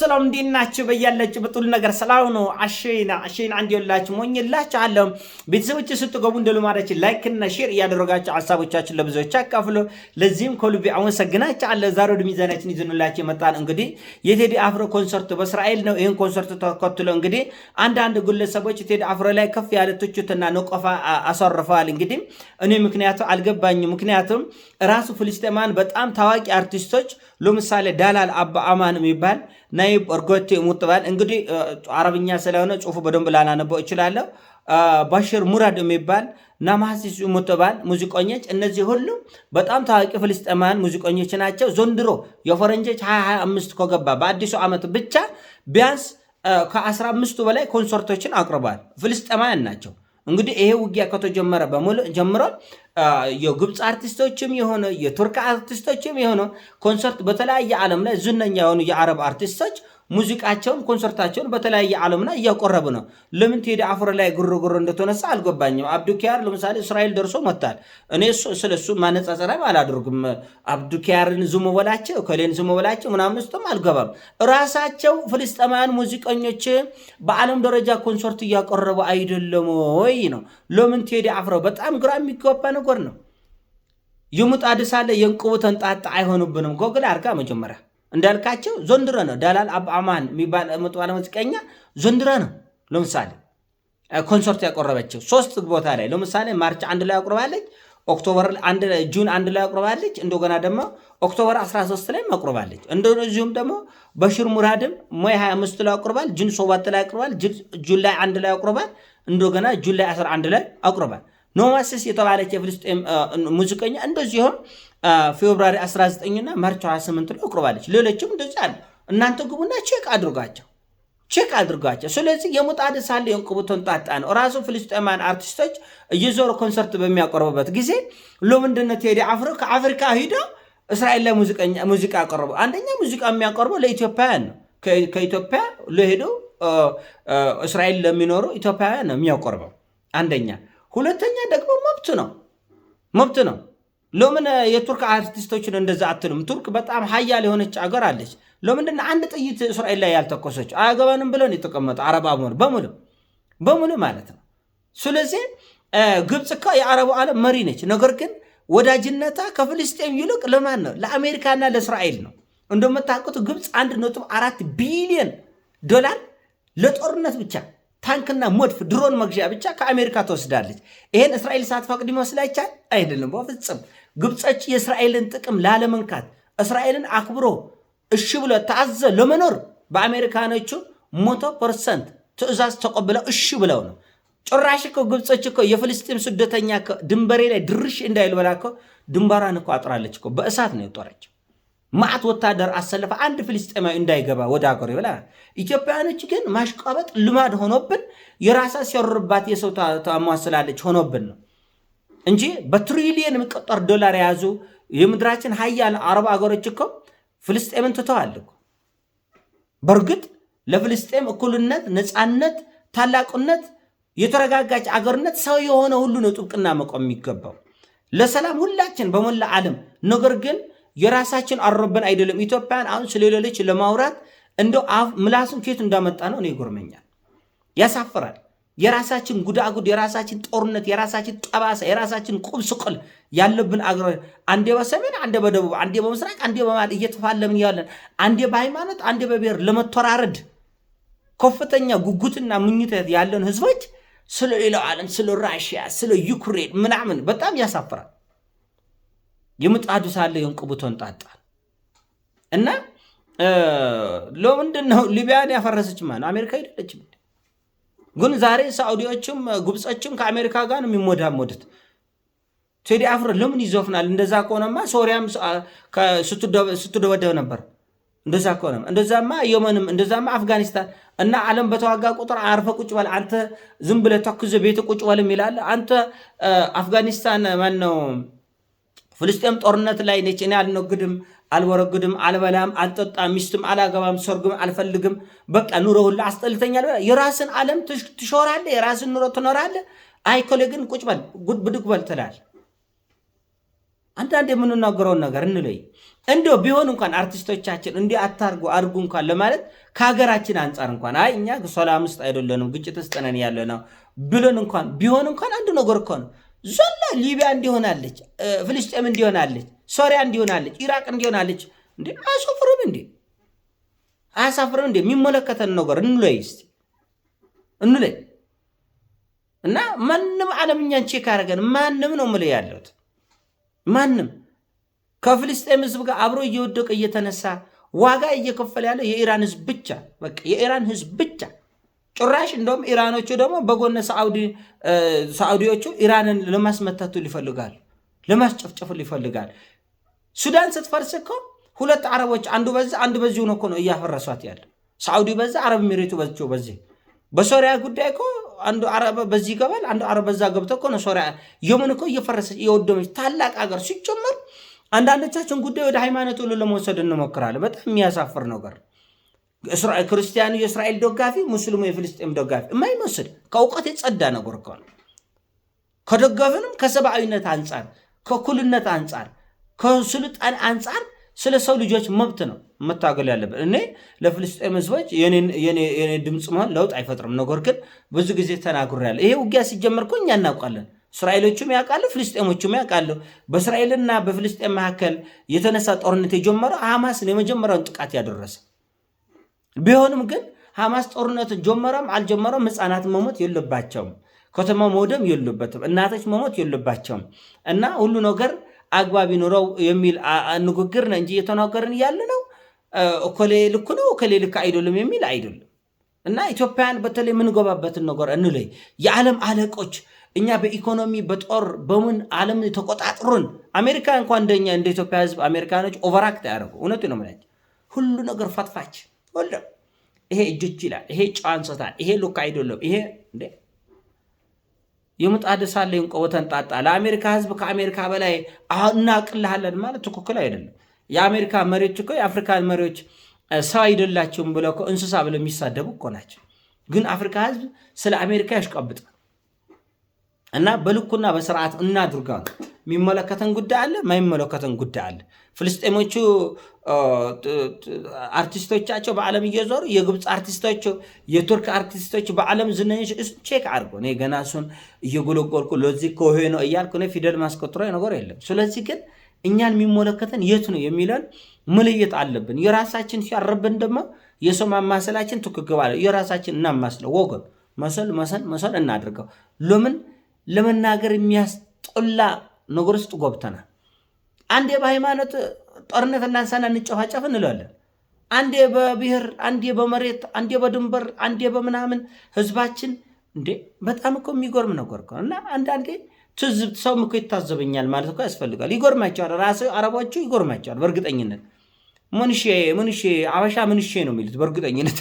ሰላም እንዴት ናችሁ? በያላችሁበት ሁሉ ነገር ሰላም ነው። አሸይና አሸይና አንድ የላችሁ ሞኝላችሁ አለም ቤተሰቦች ስትገቡ እንደሉ ልማዳችን ላይክ እና ሼር እያደረጋችሁ ሀሳቦቻችን ለብዙዎች አካፍሎ ለዚህም ከልቤ አመሰግናችሁ አለ። ዛሬ ወደ ሚዛናችን ይዘንላችሁ የመጣን እንግዲህ የቴዲ አፍሮ ኮንሰርት በእስራኤል ነው። ይህን ኮንሰርት ተከትሎ እንግዲህ አንዳንድ ግለሰቦች ቴዲ አፍሮ ላይ ከፍ ያለ ትችትና ነቆፋ አሳርፈዋል። እንግዲህ እኔ ምክንያቱ አልገባኝም። ምክንያቱም ራሱ ፍልስጤማን በጣም ታዋቂ አርቲስቶች ለምሳሌ ዳላል አባ አማን የሚባል ናይ ነይ በርጎቴ ሙጥባል እንግዲህ አረብኛ ስለሆነ ጽሁፉ በደንብ ላናነበው እችላለሁ። ባሽር ሙራድ የሚባል ናማሲስ ሙጥባል ሙዚቀኞች፣ እነዚህ ሁሉ በጣም ታዋቂ ፍልስጤማውያን ሙዚቀኞች ናቸው። ዘንድሮ የፈረንጆች 2025 ከገባ በአዲሱ ዓመት ብቻ ቢያንስ ከ 15 በላይ ኮንሰርቶችን አቅርቧል። ፍልስጤማውያን ናቸው። እንግዲህ ይሄ ውጊያ ከተጀመረ በሙሉ ጀምሯል። የግብፅ አርቲስቶችም የሆነ የቱርክ አርቲስቶችም የሆነ ኮንሰርት በተለያየ ዓለም ላይ ዝነኛ የሆኑ የአረብ አርቲስቶች ሙዚቃቸውን ኮንሰርታቸውን በተለያየ ዓለምና እያቆረቡ ነው። ለምን ቴዲ አፍሮ ላይ ግርግር እንደተነሳ አልገባኝም። አብዱኪያር ለምሳሌ እስራኤል ደርሶ መጥታል። እኔ ስለ እሱ ማነጻጸሪያም አላደርግም። አብዱኪያርን ዝም በላቸው ከሌን ዝም በላቸው ምናምን ውስጥም አልገባም። ራሳቸው ፍልስጤማውያን ሙዚቀኞች በዓለም ደረጃ ኮንሰርት እያቆረቡ አይደለም ወይ ነው። ለምን ቴዲ አፍሮ በጣም ግራ የሚገባ ነገር ነው። የሙጣድ ሳለ የእንቅቡ ተንጣጣ አይሆንብንም። ጎግል አርጋ መጀመሪያ እንዳልካቸው ዞንድረ ነው። ዳላል አብአማን የሚባል መጥባለ ሙዚቀኛ ዞንድረ ነው። ለምሳሌ ኮንሰርት ያቆረበችው ሶስት ቦታ ላይ ለምሳሌ ማርች አንድ ላይ አቁርባለች፣ ኦክቶበር ጁን አንድ ላይ አቁርባለች፣ እንደገና ደግሞ ኦክቶበር 13 ላይ አቁርባለች። እንደዚሁም ደግሞ በሽር ሙራድም ሞይ 25 ላይ አቁርባል፣ ጁን ሶባት ላይ አቁርባል፣ ጁላይ አንድ ላይ አቁርባል፣ እንደገና ጁላይ 11 ላይ አቁርባል። ኖማስስ የተባለች የፍልስጤም ሙዚቀኛ እንደዚሁም ፌብራሪ 19 እና ማርች 28 ላይ አቅርባለች። ሌሎችም እንደዚ አለ። እናንተ ግቡና ቼክ አድርጓቸው ቼክ አድርጓቸው። ስለዚህ የሙጣድ ሳለ የእንቅቡትን ጣጣ ነው። ራሱ ፍልስጤማን አርቲስቶች እየዞሩ ኮንሰርት በሚያቀርቡበት ጊዜ ለምንድነው ቴዲ አፍሮ ከአፍሪካ ሂዶ እስራኤል ላይ ሙዚቃ ያቀረቡ? አንደኛ ሙዚቃ የሚያቀርበው ለኢትዮጵያውያን ነው። ከኢትዮጵያ ለሄዱ እስራኤል ለሚኖሩ ኢትዮጵያውያን ነው የሚያቆርበው። አንደኛ። ሁለተኛ ደግሞ መብት ነው መብት ነው ለምን የቱርክ አርቲስቶችን እንደዛ አትሉም? ቱርክ በጣም ሀያል የሆነች አገር አለች። ለምንድን አንድ ጥይት እስራኤል ላይ ያልተኮሰች? አያገባንም ብለን የተቀመጠ አረባ ሆን በሙሉ በሙሉ ማለት ነው። ስለዚህ ግብፅ እኮ የአረቡ ዓለም መሪ ነች። ነገር ግን ወዳጅነታ ከፍልስጤም ይልቅ ለማን ነው? ለአሜሪካና ለእስራኤል ነው። እንደምታውቁት ግብፅ አንድ ነጥብ አራት ቢሊዮን ዶላር ለጦርነት ብቻ ታንክና መድፍ ድሮን መግዣ ብቻ ከአሜሪካ ትወስዳለች። ይሄን እስራኤል ሳትፈቅድ ይመስላችኋል? አይደለም በፍጹም። ግብፀች የእስራኤልን ጥቅም ላለመንካት እስራኤልን አክብሮ እሺ ብሎ ተዓዘ ለመኖር በአሜሪካኖቹ መቶ ፐርሰንት ትእዛዝ ተቀብለው እሺ ብለው ነው። ጭራሽ እኮ ግብፀች እኮ የፍልስጢም ስደተኛ ድንበሬ ላይ ድርሽ እንዳይል ብላ እኮ ድንበራን እኮ አጥራለች እኮ በእሳት ነው የጦረችው። ማዕት ወታደር አሰለፈ አንድ ፍልስጤማዊ እንዳይገባ ወደ አገሩ ይበላ። ኢትዮጵያኖች ግን ማሽቀበጥ ልማድ ሆኖብን የራሳ ሲያርባት የሰው ታሟስላለች ሆኖብን ነው እንጂ በትሪሊየን የሚቆጠር ዶላር የያዙ የምድራችን ሀያል አረብ አገሮች እኮ ፍልስጤምን ትተዋል በእርግጥ ለፍልስጤም እኩልነት፣ ነፃነት፣ ታላቁነት የተረጋጋች አገርነት ሰው የሆነ ሁሉ ነው ጥብቅና መቆም የሚገባው ለሰላም ሁላችን በሞላ ዓለም። ነገር ግን የራሳችን አሮበን አይደለም። ኢትዮጵያን አሁን ስለሌሎች ለማውራት እንደ ምላሱን ኬቱ እንዳመጣ ነው እኔ ይጎርመኛል፣ ያሳፍራል። የራሳችን ጉዳጉድ፣ የራሳችን ጦርነት፣ የራሳችን ጠባሳ፣ የራሳችን ቁብስቁል ያለብን አገር አንዴ በሰሜን አንዴ በደቡብ አንዴ በምስራቅ አንዴ በማል እየተፋለምን ያለን አንዴ በሃይማኖት አንዴ በብሔር ለመተራረድ ከፍተኛ ጉጉትና ምኝተት ያለን ህዝቦች ስለ ሌላው ዓለም ስለ ራሽያ ስለ ዩክሬን ምናምን በጣም ያሳፍራል። የምጣዱ ሳለ የእንቅቡቶን ጣጣል እና ለምንድን ነው ሊቢያን ያፈረሰች? ማነው አሜሪካ አይደለችም? ግን ዛሬ ሳዑዲዎችም ግብፆችም ከአሜሪካ ጋር ነው የሚሞዳሞዱት። ቴዲ አፍሮ ለምን ይዞፍናል? እንደዛ ከሆነማ ሶሪያም ስትደበደብ ነበር። እንደዛ ከሆነ እንደዛማ የመንም እንደዛማ አፍጋኒስታን እና ዓለም በተዋጋ ቁጥር አርፈ ቁጭ በል አንተ ዝም ብለህ ተኩዘ ቤት ቁጭ በል ይላል። አንተ አፍጋኒስታን ማነው ፍልስጤም ጦርነት ላይ ነች እኔ አልነግድም አልወረግድም፣ አልበላም፣ አልጠጣም፣ ሚስትም አላገባም፣ ሰርግም አልፈልግም፣ በቃ ኑሮ ሁላ አስጠልተኛል። የራስን ዓለም ትሾራለ፣ የራስን ኑሮ ትኖራለህ። አይኮሌ ግን ቁጭ በል ብድግ በል ትላል። አንዳንድ የምንናገረውን ነገር እንለይ። እንዲ ቢሆን እንኳን አርቲስቶቻችን እንዲ አታርጉ አድርጉ እንኳን ለማለት ከሀገራችን አንጻር እንኳን አይ እኛ ሰላም ውስጥ አይደለንም ግጭት ውስጥ ነን ያለ ነው ብሎን እንኳን ቢሆን እንኳን አንድ ነገር እኮ ነው። ዞላ ሊቢያ እንዲሆናለች፣ ፍልስጤም እንዲሆናለች ሶሪያ እንዲሆናለች፣ ኢራቅ እንዲሆናለች። እንዴ አያሳፍርም? እንዴ አያሳፍርም? እንዴ የሚመለከተን ነገር እንለይ ስ እንለይ እና ማንም ዓለምኛን ቼክ አደረገን ማንም ነው ምለ ያለት ማንም ከፍልስጤም ህዝብ ጋር አብሮ እየወደቀ እየተነሳ ዋጋ እየከፈለ ያለው የኢራን ህዝብ ብቻ በቃ የኢራን ህዝብ ብቻ። ጭራሽ እንደውም ኢራኖቹ ደግሞ በጎነ ሳዑዲዎቹ ኢራንን ለማስመታቱ ይፈልጋሉ፣ ለማስጨፍጨፍ ይፈልጋል። ሱዳን ስትፈርስ እኮ ሁለት አረቦች አንዱ በዚህ አንዱ በዚህ ሆኖ እኮ ነው እያፈረሷት ያለ። ሳዑዲ በዛ አረብ ኤሚሬቱ በዚ በዚህ በሶሪያ ጉዳይ እኮ አንዱ አረብ በዚህ ይገባል፣ አንዱ አረብ በዛ ገብቶ እኮ ነው ሶሪያ የምን እኮ እየፈረሰ የወደመች ታላቅ ሀገር ሲጨመር አንዳንዶቻችን ጉዳይ ወደ ሃይማኖት ሁሉ ለመውሰድ እንሞክራለን። በጣም የሚያሳፍር ነገር። ክርስቲያኑ የእስራኤል ደጋፊ፣ ሙስሊሙ የፍልስጤም ደጋፊ የማይመስል ከእውቀት የጸዳ ነገር እኮ ነው። ከደገፍንም ከሰብአዊነት አንጻር ከእኩልነት አንጻር ከስልጣን አንጻር ስለ ሰው ልጆች መብት ነው መታገል ያለብን። እኔ ለፍልስጤም ህዝቦች የኔ ድምፅ መሆን ለውጥ አይፈጥርም። ነገር ግን ብዙ ጊዜ ተናግሬያለሁ። ይሄ ውጊያ ሲጀመር እኮ እኛ እናውቃለን። እስራኤሎቹም ያውቃሉ፣ ፍልስጤሞቹም ያውቃሉ። በእስራኤልና በፍልስጤም መካከል የተነሳ ጦርነት የጀመረው ነው የመጀመሪያውን ጥቃት ያደረሰ ቢሆንም ግን ሐማስ ጦርነት ጀመረም አልጀመረም ህፃናት መሞት የለባቸውም። ከተማ መውደም የለበትም። እናቶች መሞት የለባቸውም እና ሁሉ ነገር አግባብ ይኑረው የሚል ንግግር ነ እንጂ እየተናገርን እያለ ነው እኮሌ ልክ ነው እኮሌ ልክ አይደለም የሚል አይደለም። እና ኢትዮጵያን በተለይ የምንገባበትን ነገር እንለይ። የዓለም አለቆች እኛ በኢኮኖሚ በጦር በምን ዓለም ተቆጣጥሩን። አሜሪካ እንኳ እንደኛ እንደ ኢትዮጵያ ሕዝብ አሜሪካኖች ኦቨራክት ያደረጉ እውነቱ ነው ምላች ሁሉ ነገር ፈትፋች ሁሉም ይሄ እጆች ይላል፣ ይሄ ጫንሰታል፣ ይሄ ልክ አይደለም፣ ይሄ የምጣድ ሳለ ይንቆወተን ጣጣ ለአሜሪካ ህዝብ ከአሜሪካ በላይ እናቅልሃለን ማለት ትክክል አይደለም። የአሜሪካ መሪዎች እኮ የአፍሪካን መሪዎች ሰው አይደላቸውም ብለው እንስሳ ብለው የሚሳደቡ እኮ ናቸው። ግን አፍሪካ ህዝብ ስለ አሜሪካ ያሽቀብጣል እና በልኩና በስርዓት እናድርጋ የሚመለከተን ጉዳይ አለ፣ ማይመለከተን ጉዳይ አለ። ፍልስጤሞቹ አርቲስቶቻቸው በዓለም እየዞሩ የግብፅ አርቲስቶች፣ የቱርክ አርቲስቶች በዓለም ዝነኞች እሱ ቼክ አድርጎ እኔ ገና እሱን እየጎለጎልኩ ለዚ ከሆ ነው እያልኩ እኔ ፊደል ማስቆጥሮ ነገር የለም። ስለዚህ ግን እኛን የሚመለከተን የት ነው የሚለን ምልየት አለብን። የራሳችን ሲያረብን ደግሞ የሰው ማማሰላችን ትክክል አለ። የራሳችን እናማስለው ወገን መሰል መሰል መሰል እናድርገው። ለምን ለመናገር የሚያስጠላ ነገር ውስጥ ጎብተናል። አንዴ በሃይማኖት ጦርነት እናንሳና እንጨፋጨፍ እንለዋለን። አንዴ በብሔር፣ አንዴ በመሬት፣ አንዴ በድንበር፣ አንዴ በምናምን ህዝባችን እንዴ በጣም እኮ የሚጎርም ነገር እኮ እና አንዳንዴ ትዝብት ሰውም እኮ ይታዘበኛል ማለት እኮ ያስፈልጋል። ይጎርማቸዋል፣ ራስ አረቦቹ ይጎርማቸዋል በእርግጠኝነት ምንሼ ምንሼ አበሻ ምንሼ ነው የሚሉት በእርግጠኝነት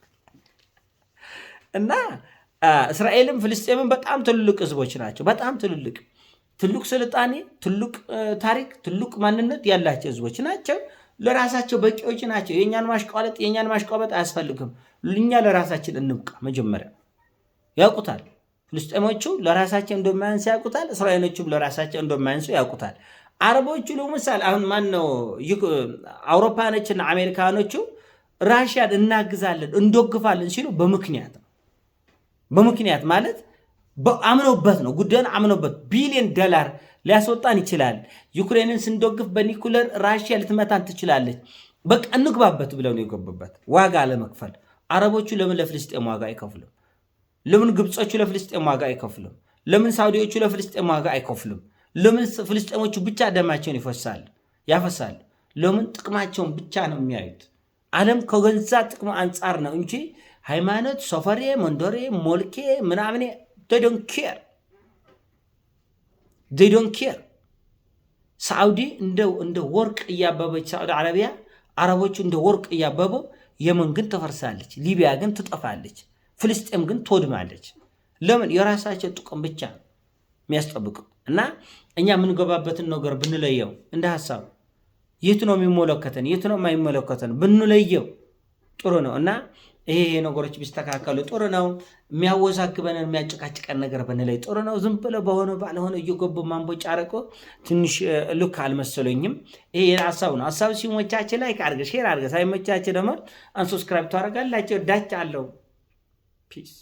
እና እስራኤልም ፍልስጤምም በጣም ትልልቅ ህዝቦች ናቸው። በጣም ትልልቅ ትልቅ ስልጣኔ፣ ትልቅ ታሪክ፣ ትልቅ ማንነት ያላቸው ህዝቦች ናቸው። ለራሳቸው በቂዎች ናቸው። የእኛን ማሽቋለጥ የእኛን ማሽቋበጥ አያስፈልግም። እኛ ለራሳችን እንብቃ። መጀመሪያ ያውቁታል። ፍልስጤሞቹ ለራሳቸው እንደማያንሱ ያውቁታል። እስራኤሎቹም ለራሳቸው እንደማያንሱ ያውቁታል። አረቦቹ ለምሳሌ አሁን ማን ነው አውሮፓኖችና አሜሪካኖቹ ራሽያን እናግዛለን እንደግፋለን ሲሉ በምክንያት ነው በምክንያት ማለት አምኖበት ነው። ጉዳዩን አምኖበት ቢሊዮን ዶላር ሊያስወጣን ይችላል። ዩክሬንን ስንደግፍ በኒኩለር ራሽያ ልትመታን ትችላለች፣ በቃ እንግባበት ብለው ነው የገቡበት። ዋጋ ለመክፈል አረቦቹ ለምን ለፍልስጤም ዋጋ አይከፍሉም? ለምን ግብጾቹ ለፍልስጤም ዋጋ አይከፍሉም? ለምን ሳውዲዎቹ ለፍልስጤም ዋጋ አይከፍሉም? ለምን ፍልስጤሞቹ ብቻ ደማቸውን ይፈሳሉ ያፈሳሉ? ለምን ጥቅማቸውን ብቻ ነው የሚያዩት? ዓለም ከገንዛ ጥቅሙ አንጻር ነው እንጂ ሃይማኖት ሰፈሬ፣ መንደሬ፣ ሞልኬ ምናምኔ ዶንኬር ዶንኬር ሳዑዲ እንደ ወርቅ እያበበች ሳዑዲ አረቢያ አረቦቹ እንደ ወርቅ እያበቡ የመን ግን ተፈርሳለች፣ ሊቢያ ግን ትጠፋለች፣ ፍልስጤም ግን ትወድማለች። ለምን? የራሳቸው ጥቅም ብቻ የሚያስጠብቁ እና እኛ የምንገባበትን ነገር ብንለየው እንደ ሀሳብ የት ነው የሚመለከተን የት ነው የማይመለከተን ብንለየው ጥሩ ነው እና ይሄ ነገሮች ቢስተካከሉ ጥሩ ነው። የሚያወዛግበንን የሚያጨቃጭቀን ነገር በንላይ ጥሩ ነው። ዝም ብሎ በሆነ ባለሆነ እየጎቡ ማንቦ ጫረቆ ትንሽ ልክ አልመሰለኝም። ይሄ ሀሳብ ነው። ሀሳብ ሲሞቻች ላይ አድርገ ሼር አድርገ ሳይሞቻች ደግሞ አንሶስክራይብ ታደርጋላቸው። ዳች አለው ፒስ